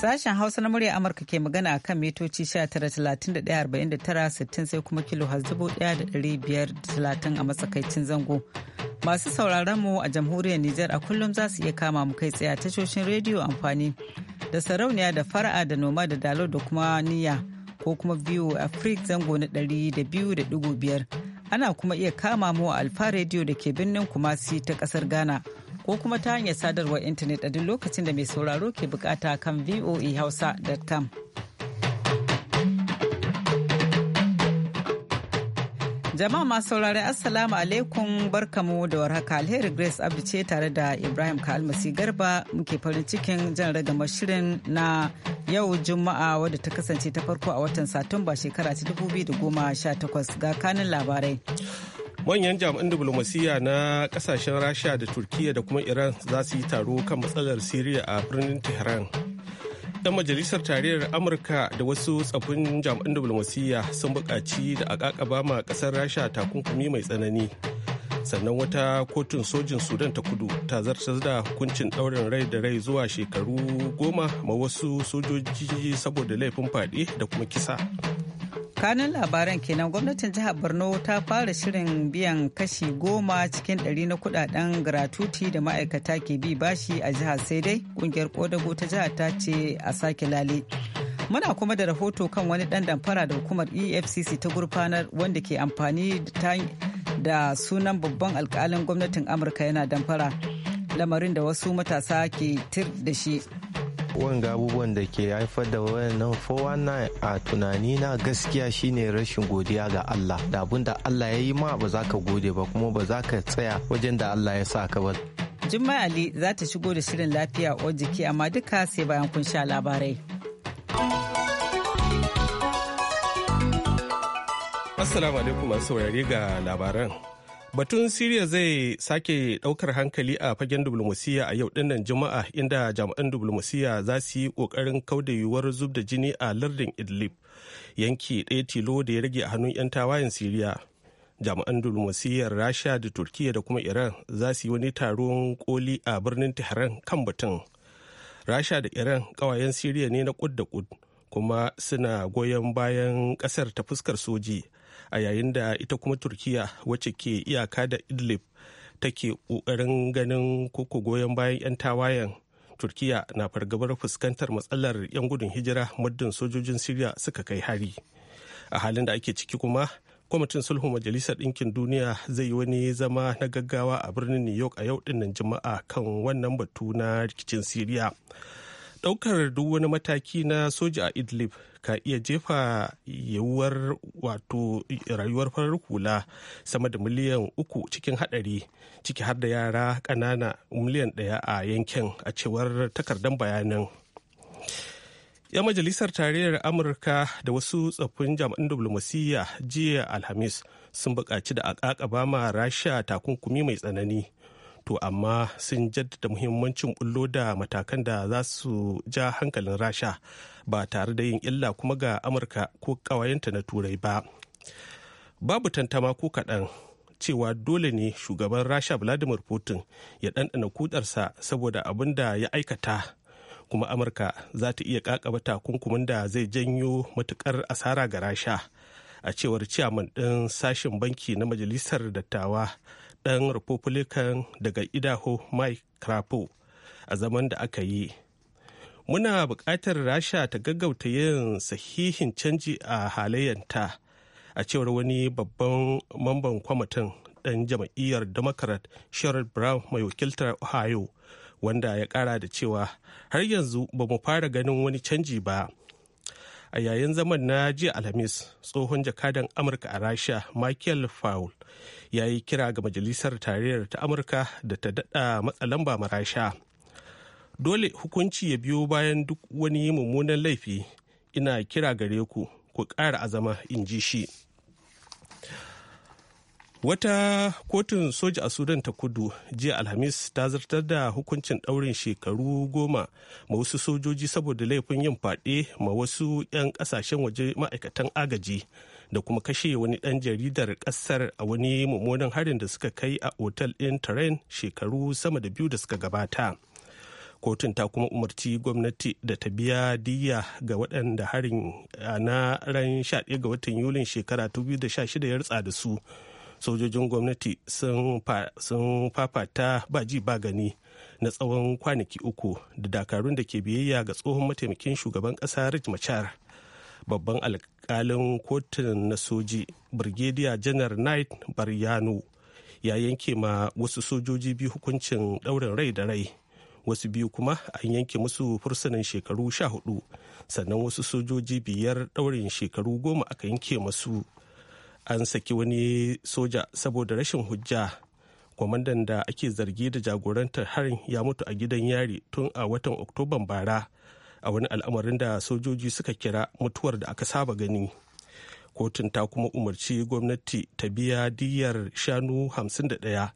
Sashen Hausa na murya Amurka ke magana a kan mitoci 19,31,49,60 sai kuma kilo talatin a matsakaicin zango. Masu sauraron mu a jamhuriyar Nijar a kullum za su iya kama mu kai tsaye a tashoshin rediyo amfani da sarauniya da fara'a da noma da dalo da kuma niya ko kuma biyu a Afrik zango na da biyar Ana kuma iya kama mu a Alfa rediyo da ke birnin Kumasi ta kasar Ghana. ko kuma ta hanyar sadarwar intanet a duk lokacin da mai sauraro ke bukata kan voahausa.com. Jama'a masu saurari Assalamu alaikum barkamu da warhaka alheri Grace Abdu ce tare da Ibrahim Kalmasi Garba muke farin cikin jan ragama shirin na yau Juma'a wadda ta kasance ta farko a watan Satumba shekara ta 2018 ga kanin labarai. manyan jami'an diplomasiyya na kasashen rasha da turkiya da kuma iran za su yi taro kan matsalar siriya a birnin tehran dan majalisar tarayyar amurka da wasu tsaffin jami'an diplomasiyya sun buƙaci da a ƙaƙaba ma ƙasar rasha takunkumi mai tsanani sannan wata kotun sojin sudan ta kudu ta zartar da hukuncin ɗaurin rai da rai zuwa shekaru goma ma wasu sojoji saboda laifin faɗi da kuma kisa kanin labaran kenan gwamnatin jihar borno ta fara shirin biyan kashi goma cikin ɗari na kudaden gratuti da ma'aikata ke bi bashi a jihar sai dai kungiyar kodago ta jihar ta ce a sake lale muna kuma da rahoto kan wani dan damfara da hukumar efcc ta gurfanar wanda ke amfani da sunan babban alkalin gwamnatin amurka yana damfara lamarin da wasu matasa ke tir da shi wanga abubuwan da ke haifar da wayannan 419 a tunani na gaskiya shine rashin godiya ga Allah da abin da Allah ya yi ma ba za ka gode ba kuma ba za ka tsaya wajen da Allah ya sa ka ba. Jummai Ali za ta shigo da shirin lafiya a jiki amma duka sai bayan kun sha labarai. Assalamu alaikum masu wayari ga labaran. Batun Siriya zai sake ɗaukar hankali a fagen Diplomasiya a yau dinnan Juma'a inda jami'an Diplomasiya za su yi ƙoƙarin kauda yiwuwar zub da jini a lardin Idlib, yanki ɗaya tilo da ya rage a hannun 'yan tawayen Siriya. Jami'an Diplomasiyar Rasha da Turkiyya da kuma Iran za su yi wani taron koli a birnin Tehran kan batun. Rasha da Iran ƙawayen Siriya ne na ƙud da kud kuma suna goyon bayan ƙasar ta fuskar soji. a yayin da ita kuma turkiya wacce ke iyaka da idlib take ƙoƙarin ganin koko goyon bayan 'yan tawayen turkiya na fargabar fuskantar matsalar 'yan gudun hijira muddin sojojin siriya suka kai hari a halin da ake ciki kuma kwamitin sulhu majalisar ɗinkin duniya zai yi wani zama na gaggawa a birnin new york a yau dinnan jima'a kan wannan batu na rikicin siriya Daukar duk wani mataki na soja a idlib ka iya jefa yiwuwar wato rayuwar farar hula sama da miliyan uku cikin haɗari ciki har da yara ƙanana miliyan ɗaya a yankin a cewar takardar bayanan 'yan majalisar tarayyar amurka da wasu tsoffin jami'an diplomasiyya jiya alhamis sun buƙaci da a ƙaƙaba ma rasha takunkumi mai tsanani to amma sun jaddada muhimmancin bullo da matakan da za su ja hankalin rasha ba tare da yin illa kuma ga amurka ko ƙawayenta na turai ba babu tantama ko kaɗan cewa dole ne shugaban rasha vladimir putin ya ɗanɗana kudarsa saboda abin da ya aikata kuma amurka za ta iya kakaba takunkumin da zai janyo matukar asara ga rasha a cewar ciyaman ɗin sashen banki na majalisar dattawa ɗan republican daga idaho mike crapo a zaman da aka yi muna buƙatar rasha ta gaggauta yin sahihin canji a halayyanta a cewar wani babban mamban kwamitin ɗan jam'iyyar democrat sherrod brown mai wakiltar ohio wanda ya ƙara da cewa har yanzu ba mu fara ganin wani canji ba a yayin zaman na jiya alhamis tsohon jakadan amurka a rasha michael fowl ya yi kira ga majalisar tarayyar ta amurka da ta daɗa matsalamba ma rasha dole hukunci ya biyo bayan duk wani mummunan laifi ina kira gare ku ku ƙara azama in ji shi Wata kotun soja a Sudan ta kudu jiya Alhamis ta zartar da hukuncin ɗaurin shekaru goma ma wasu sojoji saboda laifin yin faɗe ma wasu 'yan ƙasashen waje ma'aikatan agaji da kuma kashe wani ɗan jaridar ƙasar a wani mummunan harin da suka kai a otal ɗin Terrain shekaru sama da biyu da suka gabata. kotun ta kuma umarci gwamnati da ta biya diya ga waɗanda harin na ran 11 ga watan yulin shekara 2016 ya rutsa da su sojojin gwamnati sun fafata ba ji ba gani na tsawon kwanaki uku da dakarun da ke biyayya ga tsohon mataimakin shugaban ƙasa rich machar babban alkalin kotun na soji brigadier janar knight baryano ya yanke ma wasu sojoji biyu hukuncin daurin rai da rai wasu biyu kuma an yanke musu fursunan shekaru sha hudu sannan wasu sojoji biyar daurin shekaru goma aka yanke masu an saki wani soja saboda rashin hujja kwamandan da ake zargi da jagorantar harin ya mutu a gidan yari tun a watan oktoban bara a wani al'amarin da sojoji suka kira mutuwar da aka saba gani kotun ta kuma umarci gwamnati ta biya diyar shanu 51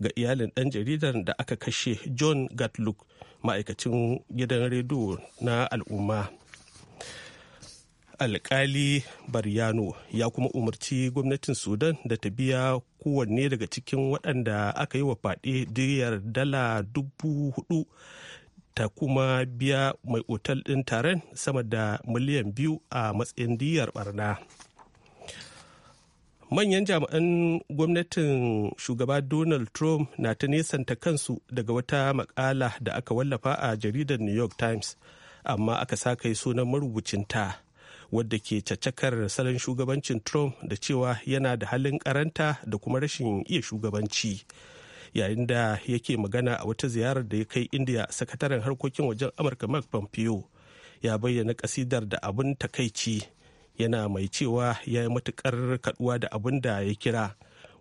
ga iyalin ɗan jaridar da aka kashe john gatluk ma'aikacin gidan rediyo na al'umma alkali baryano ya kuma umarci gwamnatin sudan da ta biya kowanne daga cikin waɗanda aka yi wa faɗe diriyar dala dubu hudu ta kuma biya mai otal ɗin taron sama da miliyan biyu a matsayin diyar barna manyan jami'an gwamnatin shugaba donald trump na ta nesanta kansu daga wata makala da aka wallafa a jaridar new york times amma aka sa kai sunan marubucinta wadda ke caccakar salon shugabancin trump da cewa yana da halin karanta da kuma rashin iya shugabanci yayin da yake magana a wata ziyarar da ya kai india sakataren harkokin wajen amurka mark pompeo ya bayyana kasidar da abin takaici yana mai cewa ya yi matukar kaduwa da abin da ya kira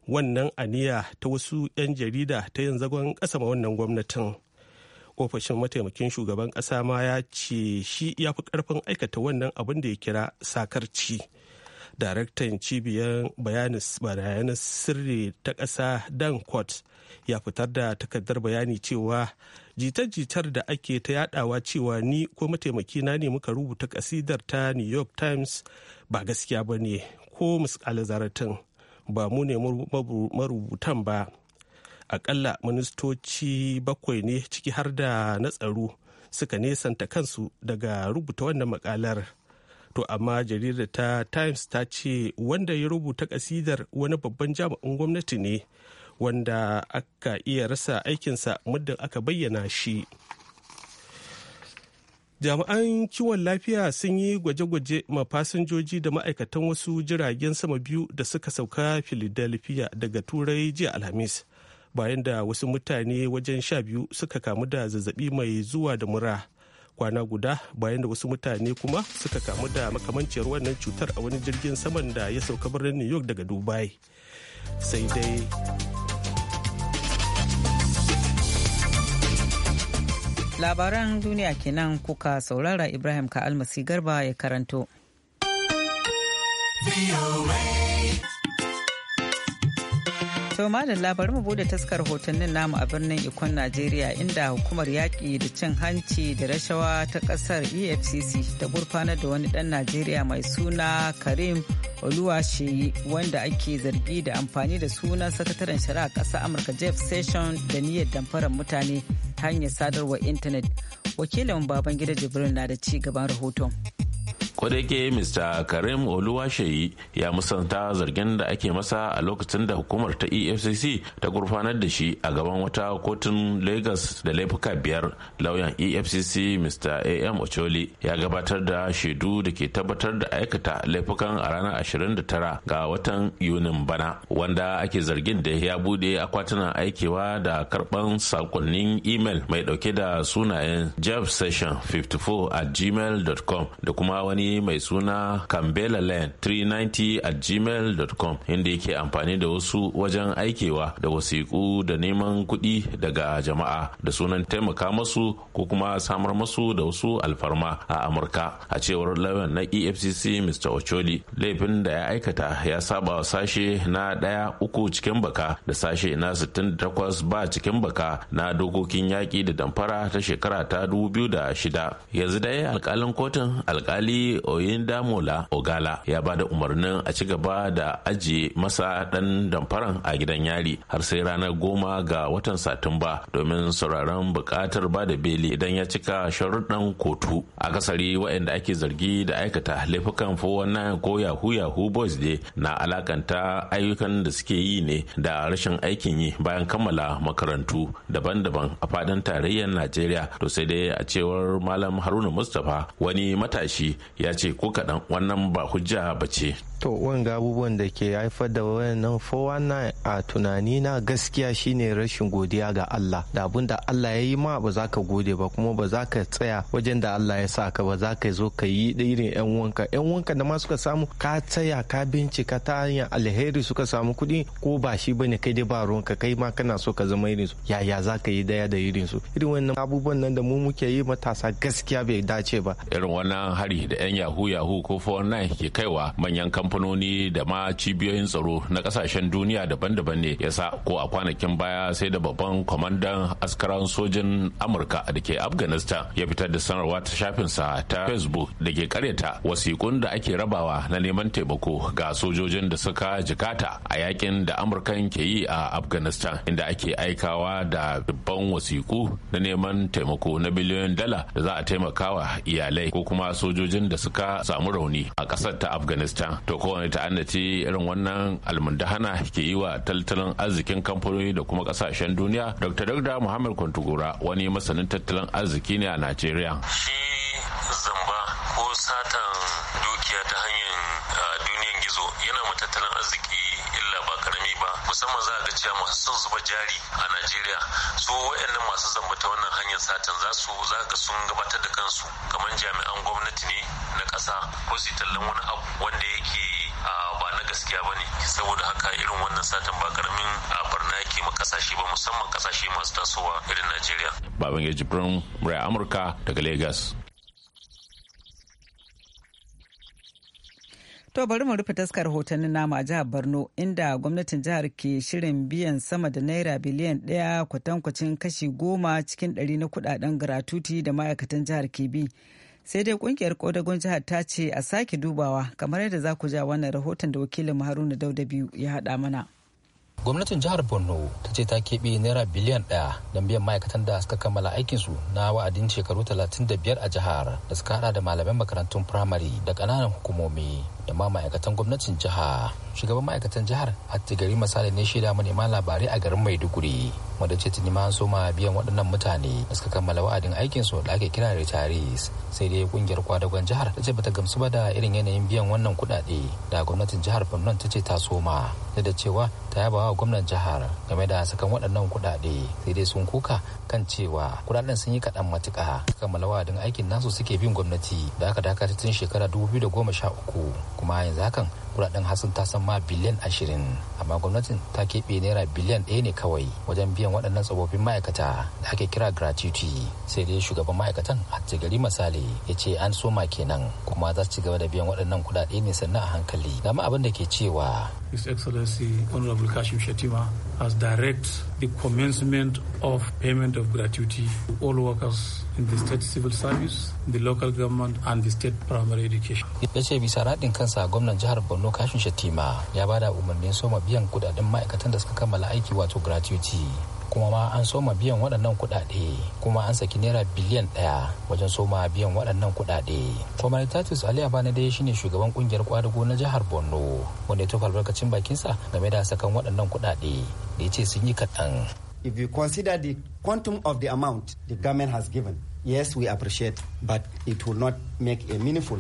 wannan aniya ta wasu 'yan jarida ta yin zagon ƙasa wannan gwamnatin. ofishin mataimakin shugaban kasa ma ya ce shi ya fi ƙarfin aikata wannan abin da ya kira sakarci daraktan cibiyar bayanan sirri ta kasa dan court ya fitar da takardar bayani cewa jitar-jitar da ake ta yadawa cewa ni ko mataimakina ne muka rubuta kasidar ta new york times ba gaskiya ba ne ko musu ba mu ne marubutan ba akalla ministoci bakwai ne ciki har da na tsaro suka nesanta kansu daga rubuta wannan makalar to amma jaridar ta times ta ce wanda ya rubuta kasidar wani babban jami'in gwamnati ne wanda aka iya rasa aikinsa muddin aka bayyana shi jami'an kiwon lafiya sun yi gwaje-gwaje ma fasinjoji da ma'aikatan wasu jiragen sama biyu da suka sauka philadelphia daga turai jiya alhamis bayan da wasu mutane wajen sha biyu suka kamu da zazzabi mai zuwa da mura kwana guda bayan da wasu mutane kuma suka kamu da makamanciyar wannan cutar a wani jirgin saman da ya sauka birnin new york daga dubai sai dai labaran duniya kenan kuka saurara ibrahim ka almasi garba ya karanto To madalla labarin mu bude taskar hotunan namu a birnin Ikon Najeriya inda hukumar yaƙi da cin hanci da rashawa ta ƙasar EFCC ta gurfanar da wani ɗan Najeriya mai suna Karim Oluwaseyi wanda ake zargi da amfani da sunan sakataren shari'a ƙasa Amurka Jeff Sessions da niyyar damfarar mutane hanyar sadarwar intanet. Wakilin Babangida Jibril na da ci gaban rahoton. kodayake mr karim oluwashayi ya musanta zargin da ake masa a lokacin da hukumar ta efcc ta gurfanar da shi a gaban wata kotun lagos da laifuka biyar lauyan efcc mr am ocholi ya gabatar da shaidu da ke tabbatar da aikata laifukan a ranar 29 ga watan yunin bana wanda ake zargin da ya bude akwatuna aikewa da karban sakonnin imel mai dauke da sunayen jeff session 54 at gmail.com da kuma wani mai suna Kambela Lane 390 at gmail.com inda yake amfani da wasu wajen aikewa da wasiƙu da neman kuɗi daga jama'a da sunan taimaka masu ko kuma samar masu da wasu alfarma a Amurka a cewar lawan na EFCC Mr. Ocholi laifin da ya aikata ya saba wa sashe na ɗaya uku cikin baka da sashe na 68 ba cikin baka na dokokin yaƙi da damfara ta shekara ta dubu biyu da shida, yanzu dai alkalin kotun alkali Oyin Oyindamola Ogala ya ba da umarnin a ci gaba da ajiye masa ɗan damfaran a gidan yari har sai ranar goma ga watan Satumba domin sauraron buƙatar ba da beli idan ya cika sharuɗan kotu. A kasari waɗanda ake zargi da aikata laifukan wannan ko yahu yahu boys ne na alakanta ayyukan da suke yi ne da rashin aikin yi bayan kammala makarantu daban-daban a faɗin tarayyar Najeriya to sai dai a cewar Malam Haruna Mustapha wani matashi ya ya ce ko kaɗan wannan ba hujja ba ce to wanga abubuwan da ke haifar da wayannan 419 a tunani na gaskiya shine rashin godiya ga Allah da abin da Allah ya yi ma ba za ka gode ba kuma ba za ka tsaya wajen da Allah ya sa ka ba za ka zo ka yi da irin yan wanka yan wanka da ma suka samu ka tsaya ka bincika ta hanyar alheri suka samu kuɗi ko ba shi bane kai dai ba ruwanka kai ma kana so ka zama irin su yaya za ka yi daya da irin su irin wannan abubuwan nan da mu muke yi matasa gaskiya bai dace ba irin wannan hari da yan yahu yahu ko 419 ke kaiwa manyan kamfani kamfanoni da ma cibiyoyin tsaro na kasashen duniya daban-daban ne ya sa ko a kwanakin baya sai da babban kwamandan askaran sojin amurka da ke afghanistan ya fitar da sanarwa ta shafinsa ta facebook da ke karyata wasikun da ake rabawa na neman taimako ga sojojin da suka jikata a yakin da amurkan ke yi a afghanistan inda ake aikawa da dubban wasiku na neman taimako na biliyoyin dala da za a taimakawa iyalai ko kuma sojojin da suka samu rauni a ƙasar ta afghanistan to kowane ta'anda ce irin wannan almundahana ke yi wa tattalin arzikin kamfanoni da kuma kasashen duniya dr dagda muhammad kwantugura wani masanin tattalin arziki ne a najeriya shi zamba ko satan dukiya ta hanyar ah, duniyan gizo yana mu tattalin arziki ba musamman za a ga cewa masu son zuba jari a najeriya su waɗannan masu zamba ta wannan hanyar satin za su za ga sun gabatar da kansu kamar jami'an gwamnati ne na ƙasa ko su tallan wani abu wanda yake ba na gaskiya ba ne saboda haka irin wannan satin ba karamin barna yake ma kasashe ba musamman kasashe masu tasowa irin najeriya baban ya jibrin murai amurka daga lagos To bari mu rufe taskar hotonin nama a jihar Borno inda gwamnatin jihar ke shirin biyan sama da naira biliyan ɗaya kwatankwacin kashi goma cikin ɗari na kudaden gratuti da ma'aikatan jihar ke bi. Sai dai kungiyar kodagon jihar ta ce a sake dubawa kamar yadda za ku ja wannan rahoton da wakilin Haruna Dauda biyu ya haɗa mana. gwamnatin jihar borno ta ce ta keɓe naira biliyan ɗaya don biyan ma'aikatan da suka kammala aikinsu na wa'adin shekaru talatin da biyar a jihar da suka haɗa da malaman makarantun firamare da ƙananan hukumomi da ma ma'aikatan gwamnatin jiha shugaban ma'aikatan jihar gari misali ne shaida manema labarai a garin maiduguri wanda ce tuni ma soma biyan waɗannan mutane da suka kammala wa'adin aikin su da ake kira retirees sai dai kungiyar kwadagon jihar ta ce bata gamsu ba da irin yanayin biyan wannan kuɗaɗe da gwamnatin jihar Borno ta ce ta soma da da cewa ta yaba wa gwamnan jihar game da sakan waɗannan kuɗaɗe sai dai sun kuka kan cewa kuɗaɗen sun yi kaɗan matuƙa kammala wa'adin aikin nasu suke bin gwamnati da aka dakata tun shekara 2013 kuma yanzu hakan kudaden hasil ta ma biliyan ashirin amma gwamnatin ta keɓe naira biliyan ɗaya ne kawai wajen biyan waɗannan tsofaffin ma'aikata da ake kira gratuity sai dai shugaban ma'aikatan gari misali ya ce an soma kenan kuma za su ci gaba da biyan waɗannan kudade ne sannan a hankali dama abin da ke cewa His Excellency Honorable Kashim Shatima has direct the commencement of payment of gratuity to all workers in the state civil service, the local government and the state primary education. Ya ce bisa raɗin kansa gwamnan jihar Borno borno kashin shatima ya bada umarnin soma biyan kudaden ma'aikatan da suka kammala aiki wato gratuity kuma ma an soma biyan waɗannan kuɗaɗe kuma an saki naira biliyan ɗaya wajen soma biyan waɗannan kuɗaɗe. Kwamar Tatus Ali Abana dai shine shugaban kungiyar kwadugo na jihar Borno wanda ya tofa albarkacin bakinsa game da sakan waɗannan kuɗaɗe da ya ce sun yi kaɗan. If you consider the quantum of the amount the government has given, yes, we appreciate, but it will not make a meaningful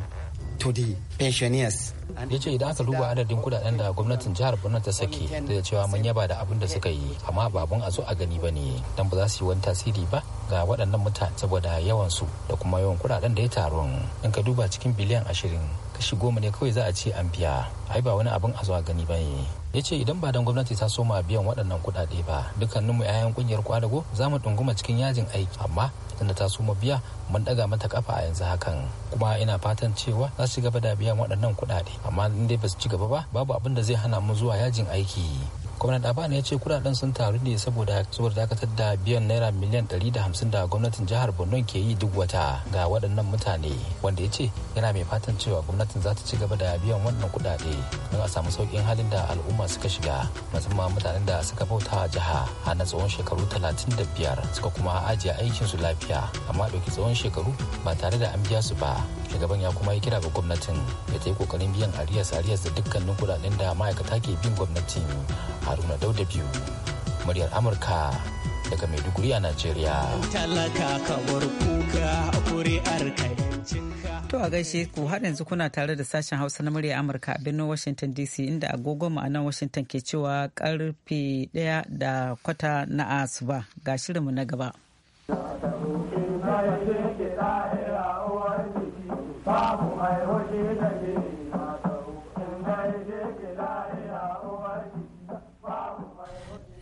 to the pensioners ya ce idan aka duba adadin kudaden da gwamnatin jihar borno ta sake da cewa mun yaba da abin da suka yi amma babun a zo a gani ba ne don ba za su yi wani tasiri ba ga waɗannan mutane saboda yawan su da kuma yawan kudaden da ya taru in ka duba cikin biliyan ashirin kashi goma ne kawai za a ce an biya ai ba wani abin a zo a gani ba ne ya ce idan ba dan gwamnati ta soma biyan waɗannan kuɗaɗe ba dukkaninmu 'ya'yan ƙungiyar kwadago za mu ɗunguma cikin yajin aiki amma tunda ta suma biya mun daga mata kafa a yanzu hakan kuma ina fatan cewa za su gaba da biyan waɗannan kuɗaɗe amma in dai ba su ci gaba ba babu abin da zai hana mu zuwa yajin aiki gwamnan abana ya ce kudaden sun taru ne saboda saboda dakatar da biyan naira miliyan 150 da gwamnatin jihar borno ke yi duk wata ga waɗannan mutane wanda ya ce yana mai fatan cewa gwamnatin za ta ci gaba da biyan wannan kudade don a samu sauƙin halin da al'umma suka shiga musamman mutanen da suka bauta a jiha a na tsawon shekaru 35 suka kuma ajiye aikinsu lafiya amma ɗauki tsawon shekaru ba tare da an biya su ba shugaban ya kuma yi kira ga gwamnatin da ta yi kokarin biyan ariyas ariyas da dukkanin kudaden da ma'aikata ke bin gwamnati haruna dauda biyu muryar amurka daga maiduguri a nigeria. talaka To a gaishe ku har yanzu kuna tare da sashen Hausa na murya Amurka a birnin Washington DC inda agogo nan Washington ke cewa karfe ɗaya da kwata na asuba ga shirinmu na gaba.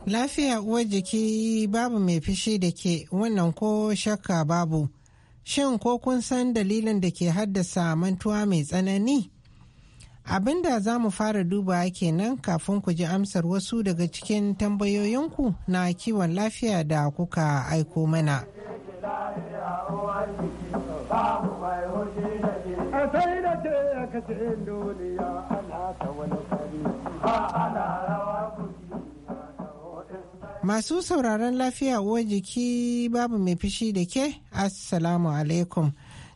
Lafiya uwar jiki babu mai fishi da ke wannan ko shakka babu. Shin ko kun san dalilin da ke haddasa mantuwa mai tsanani? Abin da za mu fara duba kenan kafin ku ji amsar wasu daga cikin tambayoyinku na kiwon lafiya da kuka aiko mana. Masu sauraron lafiya uwar jiki babu mai fishi da ke, Assalamu alaikum.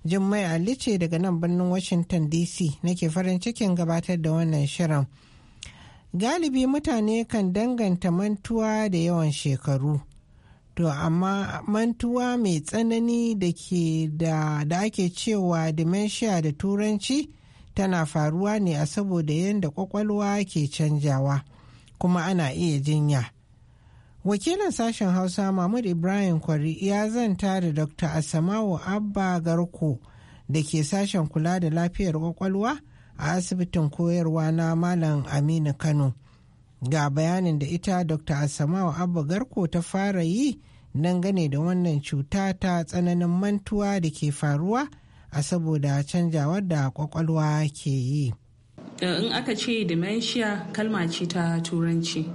Jummai Ali ce daga nan birnin Washington DC nake farin cikin gabatar da wannan shirin. Galibi mutane kan danganta mantuwa da yawan shekaru. To amma mantuwa mai tsanani da ke da ake cewa dementia da turanci tana faruwa ne a saboda yadda kwakwalwa ke canjawa kuma ana iya jinya. wakilin sashen hausa mahmud ibrahim kwari ya zanta da dr asamawo abba garko da ke sashen kula da lafiyar kwakwalwa a asibitin koyarwa na malam aminu kano ga bayanin da ita dr asamawo abba garko ta fara yi dangane da wannan cuta ta tsananin mantuwa da ke faruwa a saboda canjawar da kwakwalwa ke yi in aka ce dementia kalma ce ta turanci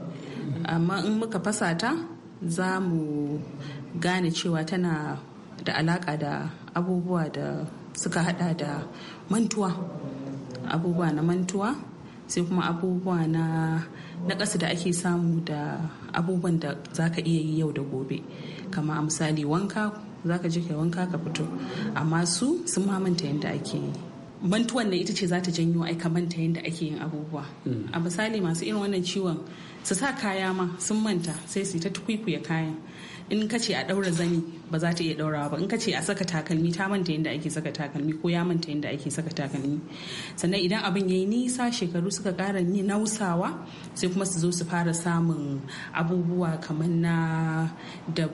amma in muka fasa ta za mu gane cewa tana da alaka da abubuwa da suka hada da mantuwa abubuwa na mantuwa sai kuma abubuwa na na ƙasa da ake samu da abubuwan da za ka iya yi yau da gobe kama a misali wanka za ka je ka wanka ka fito amma su sun mamanta yadda ake yi mantuwan da ita ce za ta janyo aika manta yadda ake yin abubuwa mm. a misali masu irin wannan ciwon su sa kaya ma sun manta sai su yi ta tukwikwiye kayan in ka ce a ɗaura zani ba za ta iya ɗaurawa ba in ka ce a saka takalmi ta manta yadda ake saka takalmi ko ya manta yadda ake saka takalmi sannan idan abin ya yi nisa shekaru suka ƙara nausawa sai kuma su zo su fara samun abubuwa kamar na da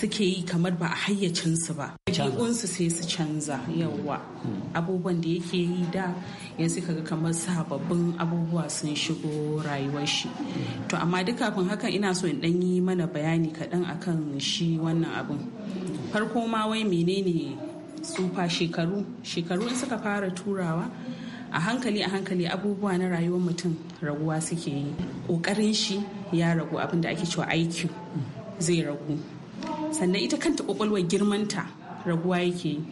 suke yi kamar ba a hayyacinsu ba ɗabi'unsu sai su canza yawa hmm. abubuwan da yake yi da yanzu ga kamar sababbin abubuwa sun shigo rayuwar shi hmm. to amma duk kafin haka ina so in ɗan yi mana bayani kaɗan akan shi wannan abin farko ma wai menene tsufa shekaru shekaru in suka fara turawa a hankali a hankali abubuwa na rayuwar mutum raguwa suke yi ƙoƙarin shi ya ragu abin da ake cewa aiki hmm. zai ragu sannan ita kanta kwakwalwar girmanta raguwa yake yi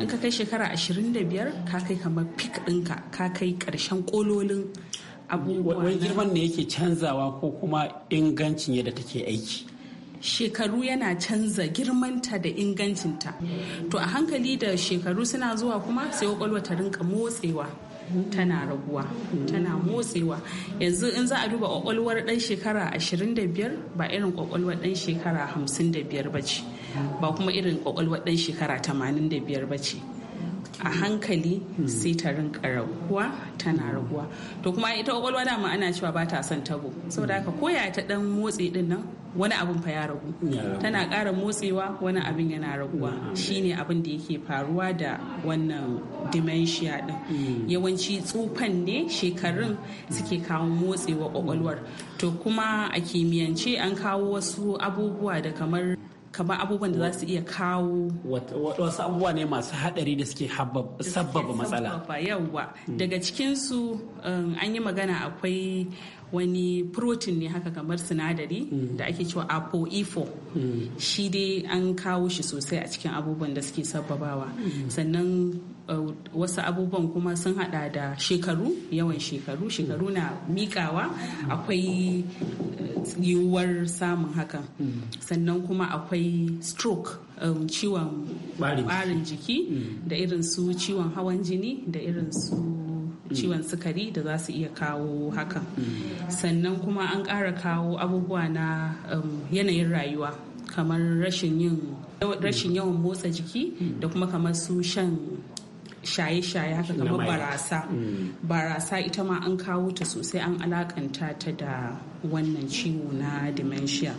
in ka kai shekara ashirin da biyar ka kai kamar fik ɗinka ka kai ƙarshen ƙololin abubuwa wani girman ne yake canzawa ko kuma ingancin yadda take aiki shekaru yana canza girmanta da ingancinta to a hankali da shekaru suna zuwa kuma sai kwakwalwa ta rinka motsewa tana raguwa tana motsewa yanzu in za a duba kwakwalwar dan shekara 25 ba irin kwakwalwar dan shekara 55 ba ce ba kuma irin kwakwalwar dan shekara 85 ba ce a hankali sai ta rinka raguwa tana raguwa to kuma ita kwakwalwa dama ana cewa ba ta son tabo saboda haka koya ta dan motsi din nan wani abin fa ya ragu tana ƙara motsewa wani abin yana raguwa mm. shine abin da yake faruwa da wannan dementia din mm. yawanci tsufan ne shekarun suke kawo motsewa kwakwalwar to kuma a kimiyyance an kawo wasu abubuwa da kamar kamar abubuwan da za su iya kawo wasu abubuwa ne masu hadari da suke sabbaba matsala yawwa hmm. daga cikinsu um, an yi magana akwai wani protein ne haka kamar sinadari hmm. da ake cewa apoe4 hmm. shi dai an kawo shi sosai a cikin abubuwan da suke sabbabawa sannan uh, wasu abubuwan kuma sun hada da shekaru yawan shekaru shekaru na mikawa akwai yiwuwar samun hakan sannan kuma akwai stroke um, ciwon ɓarin jiki mm. da irin su ciwon hawan jini da irin su mm. ciwon sukari da za su iya kawo haka mm. sannan kuma an ƙara kawo abubuwa na um, yanayin rayuwa kamar rashin rashin yawan motsa jiki da kuma kamar su shan shaye-shaye haka kamar barasa mm. barasa ita ma an kawo ta sosai an alakanta ta da wannan ciwo na dementia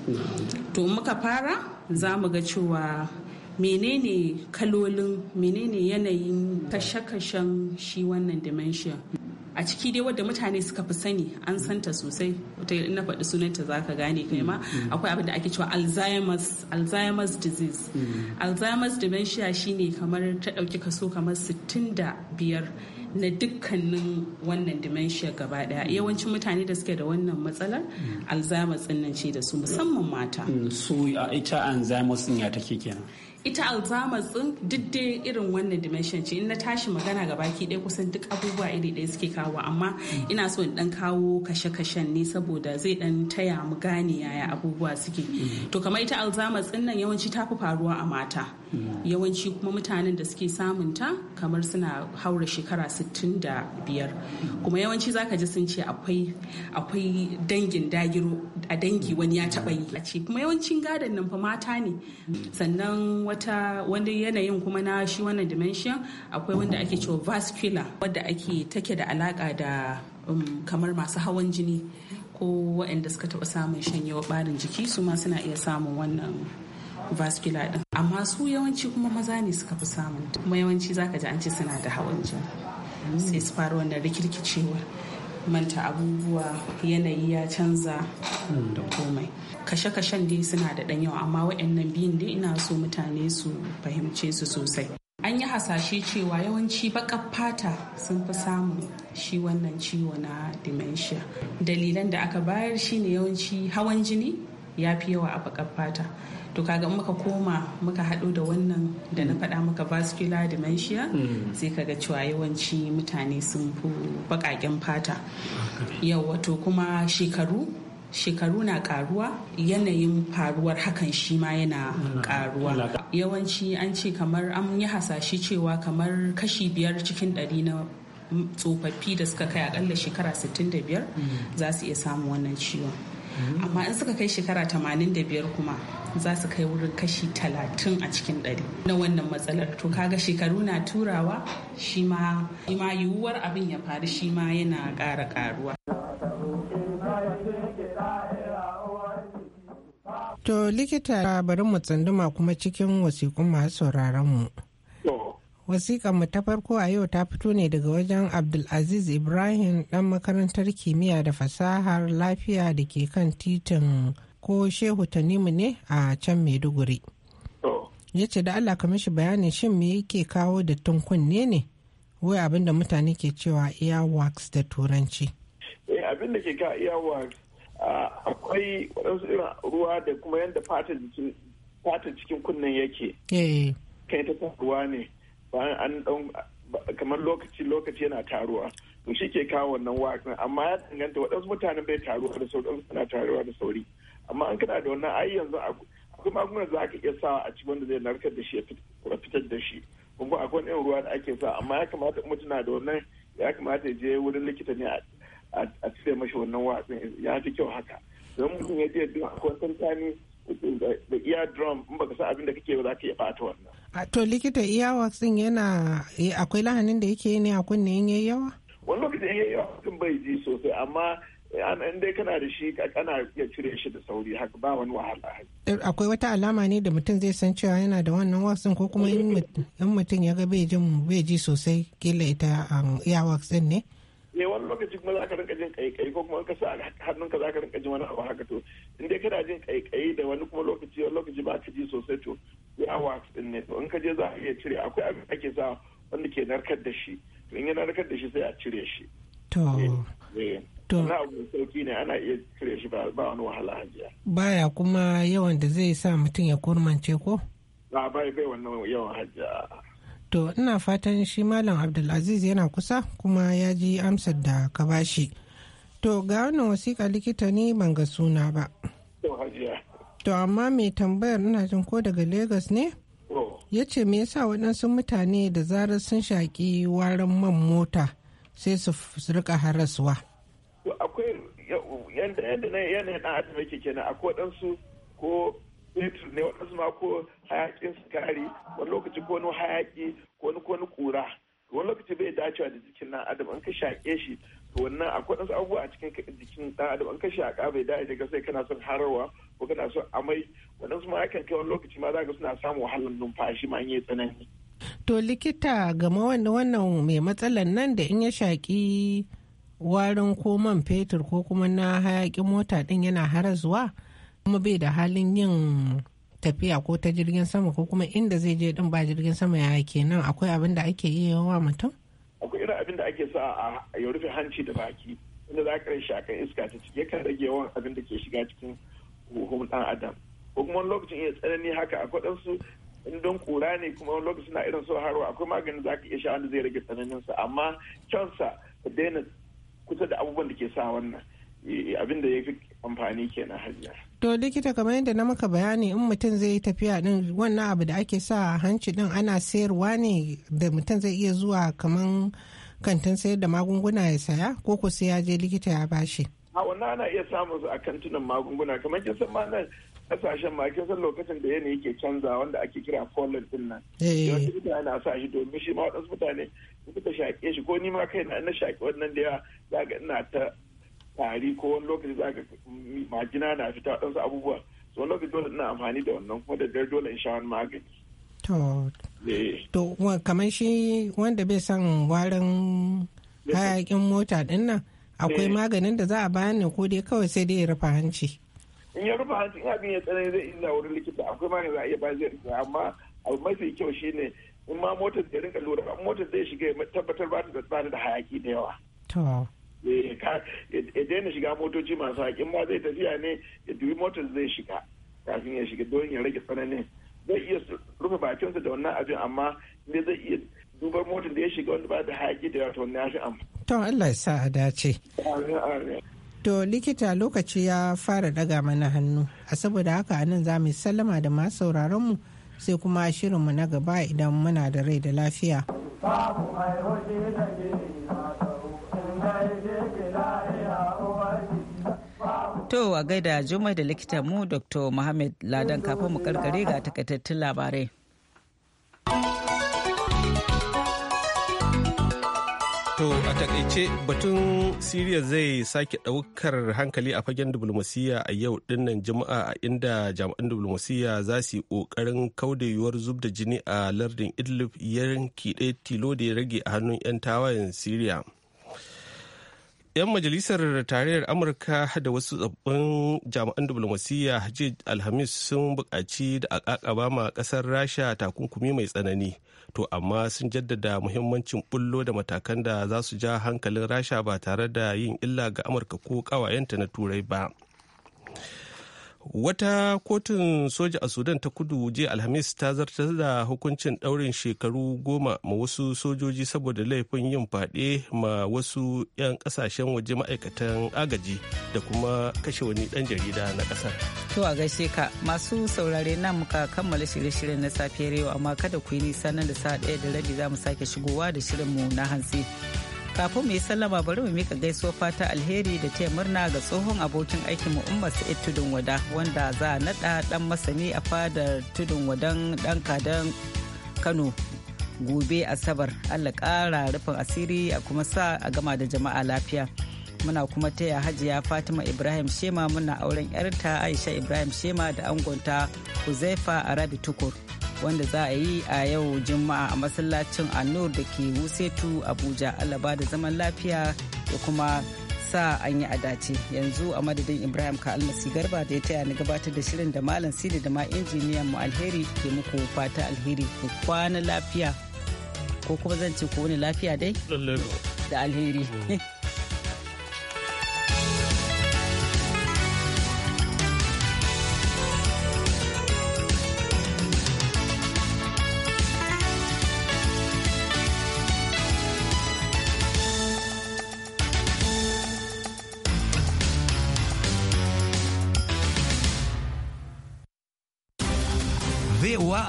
to muka fara za mu ga cewa menene kalolin menene yanayin kashe-kashen shi wannan dementia a ciki dai wadda mutane suka fi sani an santa sosai wata na faɗi sunanta za ka gane kai ma mm-hmm. akwai abin da ake cewa alzheimer's alzheimer's disease mm-hmm. alzheimer's dementia shine kamar ta ɗauki kaso kamar 65 na dukkanin wannan dementia gaba daya mm-hmm. yawancin mutane da suke da wannan matsalar alzheimer's nan ce da su musamman mata mm, so ita alzheimer's ya take kenan ita alzheimer's din duk irin wannan dimension ce in na tashi magana ga baki ɗaya kusan duk abubuwa iri ɗaya suke kawo amma mm. ina so in dan kawo kashe-kashen ne saboda zai dan taya mu gane yaya abubuwa suke mm. to kamar ita alzheimer's din nan yawanci ta fi faruwa a mata mm. yawanci kuma mutanen da suke samun ta kamar suna haura shekara 65 kuma yawanci zaka ji sun ce akwai akwai dangin dagiro a dangi wani ya taɓa yi ce kuma yawancin gadon nan fa mata ne sannan wata wani yanayin kuma na shi wannan dementia akwai wanda ake cewa vascular wadda ake take da alaka da um, kamar masu hawan jini ko waɗanda suka taɓa samun shanyewa ɓarin jiki su ma suna iya samun wannan vascular din amma su yawanci kuma maza ne suka fi samun kuma yawanci zaka ji an ce suna da hawan jini sai su fara wannan rikirkicewa manta abubuwa yanayi ya canza da komai kashe-kashen dai suna da ɗan yawa amma waɗannan biyun dai ina so mutane su fahimce su sosai an yi hasashe cewa yawanci baƙar fata sun fi samun shi wannan ciwo na dementia dalilan da aka bayar shine yawanci hawan jini ya fi yawa a bakar fata to kaga muka koma muka hado da wannan da na faɗa maka vascular dementia mm. sai kaga cewa yawanci mutane sun fi baƙaƙen fata yawa to kuma shekaru shekaru na karuwa yanayin faruwar hakan shi ma yana karuwa yawanci an ce kamar an yi hasashe cewa kamar kashi biyar cikin ɗari na tsofaffi da suka kai akalla shekara 65 mm. za su iya samun wannan ciwon amma in suka kai shekara tamanin da biyar kuma za su kai wurin kashi talatin a cikin ɗari. na wannan matsalar to kaga shekaru na turawa shi ma yiwuwar abin ya faru shi ma yana ƙara ƙaruwa To likita bari mu tsanduma kuma cikin wasikun masu sauraron mu. wasiƙar mu ta farko a yau ta fito ne daga wajen abdulaziz ibrahim ɗan makarantar kimiyya da fasahar lafiya da ke kan titin ko shehu tanimu ne a can maiduguri ya ce da allah ka mishi bayanin shin me yake kawo da tunkunne ne wai abin da mutane ke cewa earwax da turanci eh, abin da ke ka earwax akwai wadansu irin ruwa da kuma yadda fata cikin kunnen yake eh. kai ta ruwa ne bayan an dan kamar lokaci lokaci yana taruwa to shi ke kawo wannan wax amma ya danganta waɗansu mutanen bai taruwa da sauri suna taruwa da sauri amma an kana da wannan ai yanzu akwai magungunan za ka iya sawa a ci wanda zai narkar da shi ya fitar da shi kuma akwai wani ruwa da ake sa amma ya kamata mutum na da wannan ya kamata ya je wurin likita ne a cire mashi wannan watsin ya fi kyau haka don mutum ya je don akwai tantani da iya drum in baka sa abin da kake ba za ka iya bata wannan to likita iya din yana eh, akwai lahanin da yake ne a kunne in yayi yawa wani lokacin in yayi yawa mutum bai ji sosai amma eh, in dai kana da shi kana iya cire shi da sauri haka ba wani wahala eh, akwai wata alama ne da mutum zai san cewa yana da wannan wasan ko kuma in mutum ya ga bai ji sosai kila ita iya um, din ne ne wani lokaci kuma za ka rinka jin kaikai ko kuma ka sa hannunka za ka rinka jin wani abu haka to in dai kana jin kaikai da wani kuma lokaci wani lokaci ba ka ji sosai to ya wax din ne to in ka je za a iya cire akwai abin ake sa wanda ke narkar da shi to in ya narkar da shi sai a cire shi to eh, eh. to na abu sauki ne ana iya cire shi ba wani wahala hajiya baya kuma yawan da zai sa mutum ya kurmance ko ba bai bai wannan yawan hajiya to ina fatan shi malam abdulaziz yana kusa kuma ya ji amsar da ka bashi to ga wannan wasiƙa likita ne ban ga suna ba to hajiya To amma mai tambayar ina jin ko daga Legas ne? Ya ce me yasa waɗansu mutane da zarar sun shaƙi warin man mota sai su rika harasuwa. Akwai yadda yanayin ɗan adam yake kenan akwai waɗansu ko fetur ne waɗansu ma ko hayaƙin sukari wani lokaci ko wani hayaƙi ko wani ko wani lokaci bai dacewa da jikin nan adam an ka shaƙe shi to wannan akwai wasu abubuwa a cikin jikin ɗan adam an kashe a ƙa bai dace daga sai kana son harawa ko kana son amai wannan su ma akan kai wani lokaci ma za ka suna samun wahalar numfashi ma yi tsanani. to likita game wannan mai matsalar nan da in ya shaƙi warin ko man fetur ko kuma na hayaƙin mota ɗin yana harazuwa kuma bai da halin yin tafiya ko ta jirgin sama ko kuma inda zai je din ba jirgin sama ya kenan akwai abin da ake yi wa mutum? ya rufe hanci da baki inda za ka shakan iska ta ciki yakan rage yawan abin da ke shiga cikin huhun dan adam ko kuma wani lokacin iya tsanani haka akwai ɗansu in don kura ne kuma wani lokacin na irin so harwa akwai maganin za ka iya sha wanda zai rage sa amma kyansa ka daina kusa da abubuwan da ke sa wannan abin da ya fi amfani kenan hanya. To likita kamar yadda na maka bayani in mutum zai yi tafiya din wannan abu da ake sa hanci din ana sayarwa ne da mutum zai iya zuwa kamar kantin sayar da magunguna ya saya ko ku sai ya je likita ya bashi a wannan ana iya samun su a kantunan magunguna kamar kin san ma nan kasashen ma kin san lokacin da yanayi ke canza wanda ake kira pollen din nan eh. yawanci mutane na sa shi domin shi ma waɗansu mutane suka shaƙe shi ko ni ma kai na shaƙe wannan da yawa za ga ina ta tari ko wani lokaci za ka majina na fita waɗansu abubuwa so wani lokaci dole ina amfani da wannan kuma da dare dole in sha wani magani. To kamar shi wanda bai san warin hayakin mota din nan akwai eh. maganin da za a bayan ne ko dai kawai sai dai ya rufe hanci. In ya rufe hanci in abin ya tsanani zai illa wurin likita akwai maganin za a iya bayan zai rufe amma abu mafi kyau shine in ma motar zai rinka lura ba motar zai shiga ya tabbatar ba ta da tsari da hayaki da yawa. To. Eh, ya daina shiga motoci masu haƙin ma zai tafiya ne ya dubi motar zai shiga kafin ya shiga don ya rage tsananin. zai iya rufe bakinsa da wannan abin amma ne zai iya dubar motar da ya shiga wanda ba da haƙi da wato ya shi am. To Allah ya sa a dace. To likita lokaci ya fara daga mana hannu a saboda haka anan za mu sallama da masu sauraron mu sai kuma shirinmu na gaba idan muna da rai da lafiya. Babu mai hoji da ke To a gaida Jummai da likitan mu Dr. mohamed Ladan kafin mu karkare ga takaitattun labarai. To a takaice batun Siriya zai sake daukar hankali a fagen diplomasiya a yau dinnan Juma'a a inda jami'an diplomasiya za su yi kokarin kauda yiwuwar zub da jini a lardin Idlib yanki ɗaya tilo da ya rage a hannun 'yan tawayen Siriya. 'Yan majalisar tarayyar Amurka da wasu tsabbin jami'an diplomasiyya jiya Alhamis sun buƙaci da a ƙaƙaba ma ƙasar Rasha takunkumi mai tsanani, to amma sun jaddada muhimmancin bullo da matakan da za su ja hankalin Rasha ba tare da yin illa ga Amurka ko ƙawayenta na Turai ba. wata kotun soja a sudan ta kudu jiya alhamis ta zartar da hukuncin daurin shekaru goma ma wasu sojoji saboda laifin yin fade ma wasu 'yan kasashen waje ma'aikatan agaji da kuma kashe wani ɗan jarida na ƙasar. to a gaishe ka masu saurare na muka kammala shirye-shiryen na safiyar yau amma kada ku yi nisa nan da sa ɗaya da rabi za mu sake shigowa da shirinmu na hantsi kafin mu yi sallama bari mu mika gaisuwa fata alheri da taya murna ga tsohon abokin aikin mu umma sa'id tudun wada wanda za a nada dan masani a fadar tudun wadan dan kadan kano gobe asabar allah kara rufin asiri a kuma sa a gama da jama'a lafiya muna kuma taya hajiya fatima ibrahim shema muna auren yarta aisha ibrahim shema da angonta huzaifa arabi tukur wanda za a yi a yau juma'a a masallacin annur da ke wusetu abuja alaba da zaman lafiya da kuma sa an yi adace yanzu a madadin ibrahim ka almasi garba da ya taya ni gabatar da shirin da malam sidi da ma injiniyan mu alheri ke muku fata alheri ku kwana lafiya ko kuma zan ce ku wani lafiya dai da alheri mm.